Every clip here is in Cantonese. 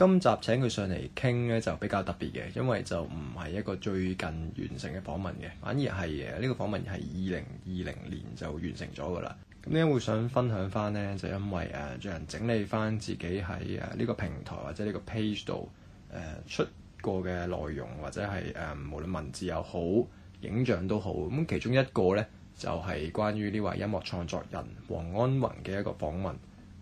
今集請佢上嚟傾呢，就比較特別嘅，因為就唔係一個最近完成嘅訪問嘅，反而係呢、呢個訪問係二零二零年就完成咗噶啦。咁點解會想分享翻呢，就因為誒，最、啊、近整理翻自己喺誒呢個平台或者呢個 page 度、啊、出過嘅內容，或者係誒、啊、無論文字又好、影像都好，咁其中一個呢，就係、係、關於呢位音樂創作人黃安弘嘅一個訪問。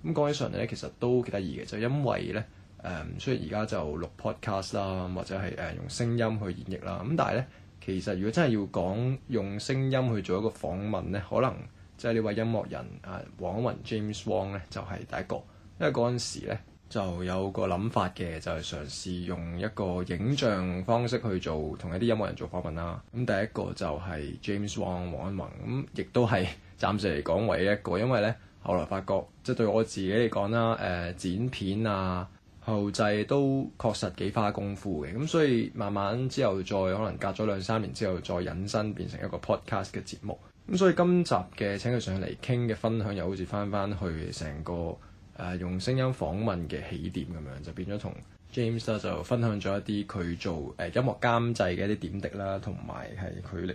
咁講起上嚟呢，其實都幾得意嘅，就因為呢。誒，雖然而家就錄 podcast 啦，或者係誒、uh，用聲音去演繹啦。咁但係呢，其實如果真係要講用聲音去做一個訪問呢，可能即係呢位音樂人啊，黃安弘 James Wong 咧，就係、是、第一個。因為嗰陣時咧就有個諗法嘅，就係嘗試用一個影像方式去做同一啲音樂人做訪問啦。咁、嗯、第一個就係 James Wong 黃安弘，咁、嗯、亦都係暫時嚟講唯一一個。因為呢後來發覺，即、就、係、是、對我自己嚟講啦，誒、呃、剪片啊～後製都確實幾花功夫嘅，咁所以慢慢之後再可能隔咗兩三年之後再引申變成一個 podcast 嘅節目，咁所以今集嘅請佢上嚟傾嘅分享又好似返返去成個誒、呃、用聲音訪問嘅起點咁樣，就變咗同 James 咧就分享咗一啲佢做誒、呃、音樂監製嘅一啲點滴啦，同埋係佢歷來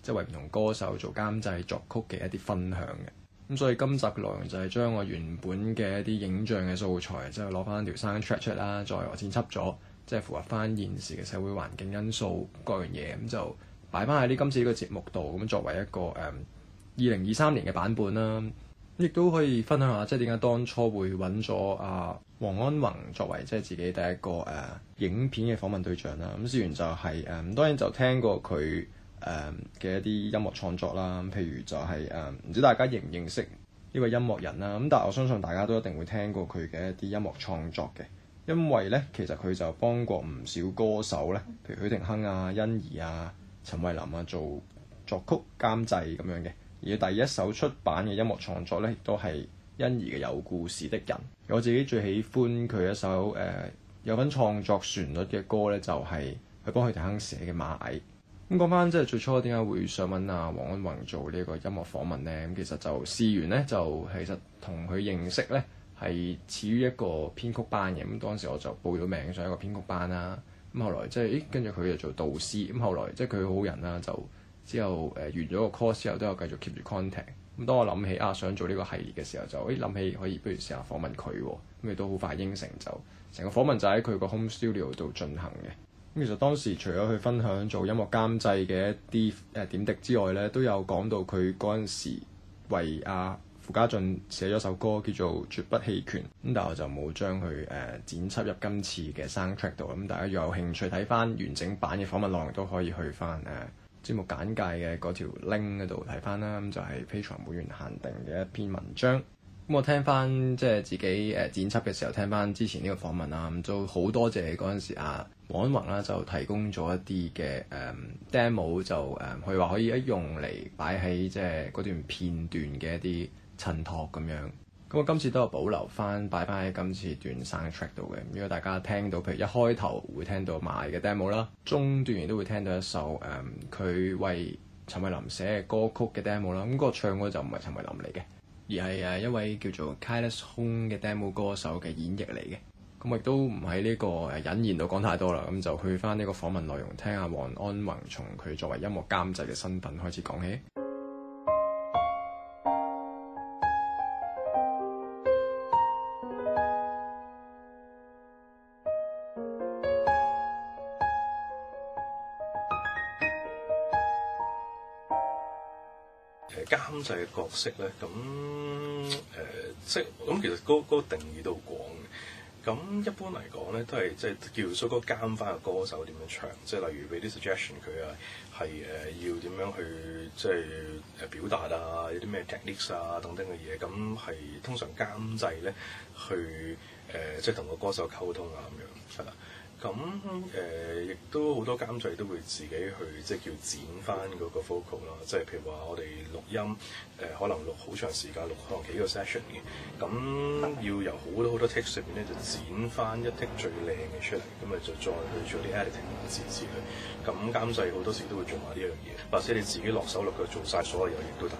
即係、就是、為唔同歌手做監製作曲嘅一啲分享嘅。咁所以今集嘅內容就係將我原本嘅一啲影像嘅素材，即係攞翻條生出出啦，再剪輯咗，即係符合翻現時嘅社會環境因素各樣嘢，咁、嗯、就擺翻喺呢今次呢個節目度，咁作為一個誒二零二三年嘅版本啦，亦、嗯、都可以分享下即係點解當初會揾咗阿黃安弘作為即係自己第一個誒、啊、影片嘅訪問對象啦。咁、嗯、事然就係、是、誒、嗯，當然就聽過佢。誒嘅、um, 一啲音樂創作啦，譬如就係誒唔知大家認唔認識呢位音樂人啦，咁但係我相信大家都一定會聽過佢嘅一啲音樂創作嘅，因為呢，其實佢就幫過唔少歌手呢，譬如許廷鏗啊、欣宜啊、陳慧琳啊做作曲監製咁樣嘅，而第一首出版嘅音樂創作咧都係欣宜嘅《有故事的人》，我自己最喜歡佢一首誒、呃、有份創作旋律嘅歌呢，就係、是、佢幫許廷鏗寫嘅《螞蟻》。咁講翻即係最初點解會想問啊黃安弘做呢個音樂訪問咧？咁其實就事緣咧，就其實同佢認識咧，係始於一個編曲班嘅。咁當時我就報咗名上一個編曲班啦。咁後來即、就、係、是、咦，跟住佢又做導師。咁後來即係佢好人啦，就之後誒、呃、完咗個 course 之後都有繼續 keep 住 contact。咁當我諗起啊想做呢個系列嘅時候，就咦諗起可以不如試下訪問佢喎。咁亦都好快應承，就成個訪問就喺佢個 home studio 度進行嘅。其實當時除咗去分享做音樂監製嘅一啲誒點滴之外咧，都有講到佢嗰陣時為阿、啊、傅家俊寫咗首歌叫做《絕不棄權》。咁但係我就冇將佢誒、呃、剪輯入今次嘅生 track 度。咁大家如果有興趣睇翻完，完整版嘅訪問內容，都可以去翻誒、呃、節目簡介嘅嗰條 link 度睇翻啦。咁、嗯、就係、是、Patreon 會員限定嘅一篇文章。咁我聽翻即係自己誒剪輯嘅時候，聽翻之前呢個訪問啦，咁就好多謝嗰陣時啊黃安弘啦、啊，就提供咗一啲嘅誒 demo，就誒佢話可以一用嚟擺喺即係嗰段片段嘅一啲襯托咁樣。咁我今次都係保留翻擺翻喺今次段新 track 度嘅。如果大家聽到，譬如一開頭會聽到賣嘅 demo 啦，中段都會聽到一首誒佢、嗯、為陳慧琳寫嘅歌曲嘅 demo 啦。咁、那個唱嘅就唔係陳慧琳嚟嘅。而係誒一位叫做 Kaius Home 嘅 demo 歌手嘅演繹嚟嘅，咁亦都唔喺呢個誒引言度講太多啦，咁就去返呢個訪問內容，聽下黃安弘從佢作為音樂監製嘅身份開始講起。監製嘅角色咧，咁誒、呃、即咁其實嗰嗰個定義都好廣嘅。咁一般嚟講咧，都係即係描述個監翻嘅歌手點樣唱，即係例如俾啲 suggestion 佢啊，係誒要點樣去即係誒表達啊，有啲咩 technics 啊等等嘅嘢。咁係通常監製咧去誒、呃、即係同個歌手溝通啊，咁樣係啦。咁誒、呃，亦都好多監製都會自己去即係叫剪翻嗰個 focal 咯。即係譬如話我哋錄音誒、呃，可能錄好長時間，錄可能幾個 session 嘅，咁要由好多好多 take 上面咧就剪翻一 take 最靚嘅出嚟，咁咪就再去做啲 editing 嚟剪剪佢。咁監製好多時都會做埋呢樣嘢，或者你自己落手落腳做晒所有嘢都得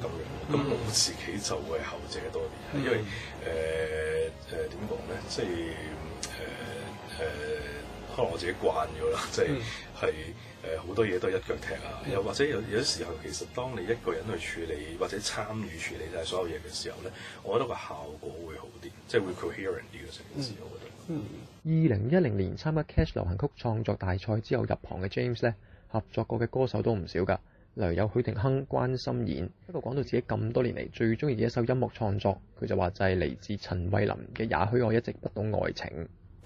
咁樣。咁、嗯、我自己就會係後者多啲，嗯、因為誒誒點講咧，即係誒誒。呃呃呃呃可能我自己慣咗啦，即係係誒好多嘢都係一腳踢啊！又或者有有啲時候，其實當你一個人去處理或者參與處理晒所有嘢嘅時候咧，我覺得個效果會好啲，即係會 coherent 啲嘅成件事，mm. 我覺得。嗯，二零一零年參加 Cash 流行曲創作大賽之後入行嘅 James 咧，合作過嘅歌手都唔少㗎，例如有許廷鏗、關心妍。不過講到自己咁多年嚟最中意嘅一首音樂創作，佢就話就係嚟自陳慧琳嘅《也許我一直不懂愛情》。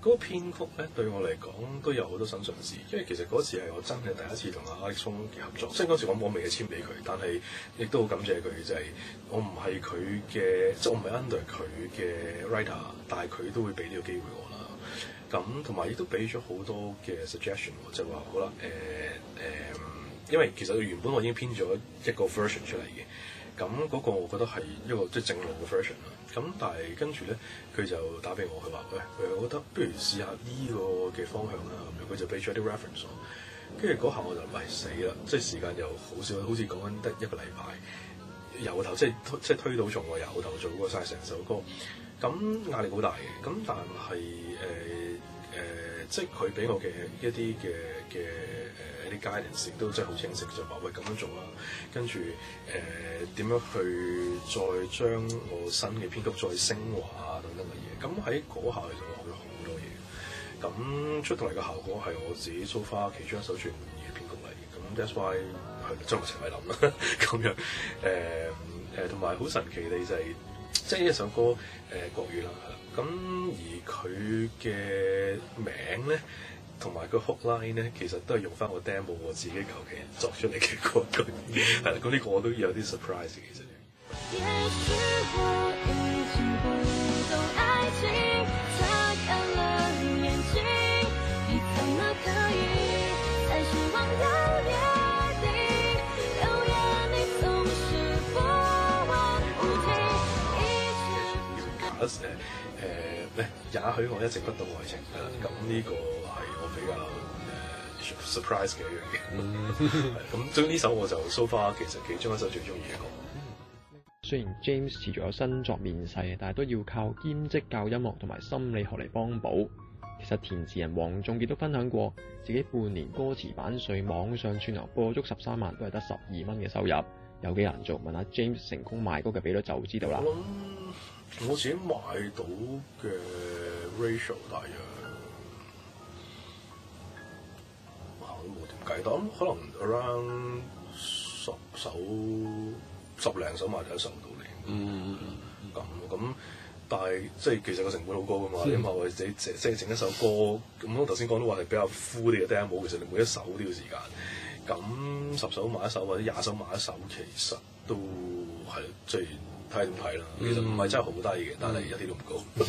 嗰個編曲咧，對我嚟講都有好多新嘗試，因為其實嗰次係我真係第一次同阿阿聰合作。雖然嗰時我冇未嘅簽俾佢，但係亦都好感謝佢。就係、是、我唔係佢嘅，即、就、係、是、我唔係 under 佢嘅 writer，但係佢都會俾呢個機會我啦。咁同埋亦都俾咗好多嘅 suggestion，就係話好啦誒誒，因為其實原本我已經編咗一個 version 出嚟嘅。咁嗰個我覺得係一個即係正路嘅 version 啦。咁但係跟住咧，佢就打俾我，佢話喂，誒、哎，我覺得不如試下呢個嘅方向啦。咁樣佢就俾咗啲 reference。跟住嗰下我就咪死啦，即係時間又好少，好似講緊得一個禮拜。由頭即係即係推，推到從我由頭做過晒成首歌，咁壓力好大嘅。咁但係誒誒，即係佢俾我嘅一啲嘅嘅。啲界人士都真係好清晰，就話、是、喂咁樣做啊，跟住誒點樣去再將我新嘅編曲再升華等等嘅嘢。咁喺嗰下，其實我學咗好多嘢。咁出到嚟嘅效果係我自己 so far 其中一首最唔易編曲嚟嘅。咁 that's why 張、嗯、學成偉林啦，咁樣誒誒，同埋好神奇嘅就係、是、即係呢首歌誒、呃、國語啦。咁而佢嘅名咧。同埋個 hook line 呢，其實都係用翻我 demo 我自己求其作出嚟嘅歌句，係啦，咁呢個我都有啲 surprise 其實。也許我一直不懂愛情，咁、嗯、呢、嗯、個係我比較 surprise 嘅一樣嘢。咁將呢首我就 so far，其實其中一首最鍾意嘅歌。雖然 James 持續有新作面世，但係都要靠兼職教音樂同埋心理學嚟幫補。其實填詞人黃仲傑都分享過，自己半年歌詞版稅網上串流播足十三萬，都係得十二蚊嘅收入，有幾難做。問下 James 成功賣歌嘅比率就知道啦。我諗我自己賣到嘅～ratio 大啊，都我都冇點計到，可能 around 十首十零首賣就一首到你。嗯、mm，咁、hmm. 咁，但係即係其實個成本好高㗎嘛。Mm hmm. 因我你話為寫寫整一首歌，咁我頭先講到話係比較敷啲嘅 dance 舞，其實你每一首都要時間。咁十首賣一首或者廿首賣一首，其實都係最。即睇點睇啦，其實唔係真係好低嘅，但係一啲都唔高。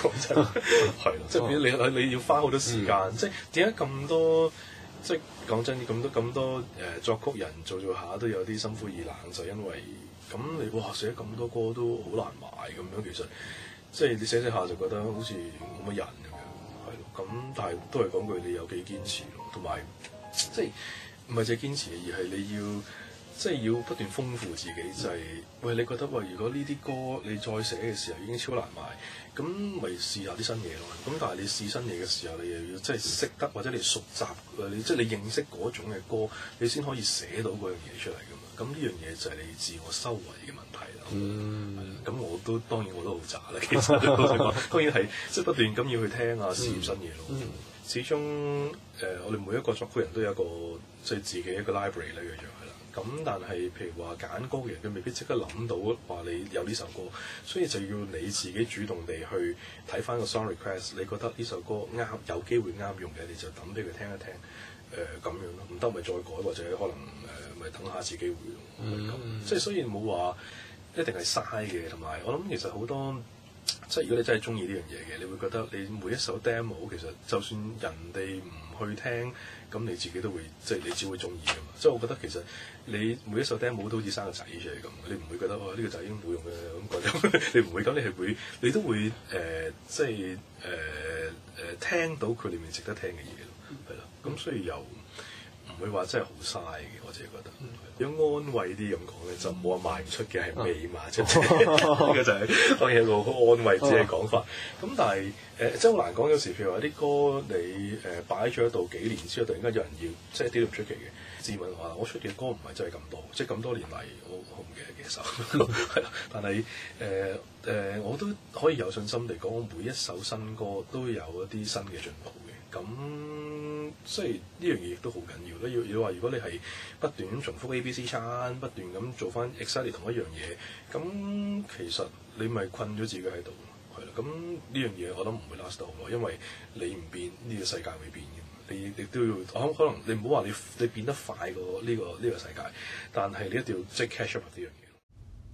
講 真係咯，即係你你要花好多時間，嗯、即係點解咁多即係講真咁多咁多誒、呃、作曲人做做下都有啲心灰意冷，就係、因為咁你哇寫咁多歌都好難賣咁樣，其實即係你寫寫下就覺得好似冇乜人咁樣，係咯。咁但係都係講句，你有幾堅持咯，同埋即係唔係只係堅持，而係你，你要。即係要不斷豐富自己，就係、是嗯、喂，你覺得喂，如果呢啲歌你再寫嘅時候已經超難賣，咁咪試下啲新嘢咯。咁但係你試新嘢嘅時候，你又要即係識得或者你熟習，你即係你認識嗰種嘅歌，你先可以寫到嗰樣嘢出嚟㗎嘛。咁呢樣嘢就係你自我修為嘅問題啦。咁、嗯嗯、我都當然我都好渣啦，其實， 當然係即係不斷咁要去聽啊，試新嘢咯。嗯嗯始終誒、呃，我哋每一個作曲人都有一個即係、就是、自己一個 library 嚟嘅樣嘅啦。咁但係譬如話揀歌嘅人，佢未必即刻諗到話你有呢首歌，所以就要你自己主動地去睇翻個 song request，你覺得呢首歌啱，有機會啱用嘅，你就抌俾佢聽一聽。誒、呃、咁樣咯，唔得咪再改，或者可能誒咪、呃、等下一次機會咯。即、就、係、是嗯、雖然冇話一定係嘥嘅，同埋我諗其實好多。即係如果你真係中意呢樣嘢嘅，你會覺得你每一首 demo 其實就算人哋唔去聽，咁你自己都會即係你只會中意㗎嘛。即係我覺得其實你每一首 demo 都好似生個仔出嚟咁，你唔會覺得哦呢個仔已經冇用嘅咁覺得，你唔會咁，你係會你都會誒、呃、即係誒誒聽到佢裏面值得聽嘅嘢咯，係啦、嗯。咁所以由唔會話真係好嘥嘅，我自己覺得，如果安慰啲咁講咧，嗯、就冇話賣唔出嘅係未賣出，呢個、嗯、 就係、是、當然一個好安慰自己嘅講法。咁、啊、但係誒即係好難講，有時譬如話啲歌你誒擺咗喺度幾年之後，突然間有人要，即係啲都唔出奇嘅。自問話：我出嘅歌唔係真係咁多，即係咁多年嚟，我我唔記得幾首。係 但係誒誒，我都可以有信心嚟講，我每一首新歌都有一啲新嘅進步。咁，即係呢樣嘢亦都好緊要啦。要要話如果你係不斷咁重複 A、B、C 餐，不斷咁做翻 exercise 同一樣嘢，咁其實你咪困咗自己喺度係係啦。咁呢樣嘢，我都唔會 last 到咯，因為你唔變，呢個世界會變嘅。你你都要可能你唔好話你你變得快過呢個呢個世界，但係你一定要即係 catch up 呢樣嘢。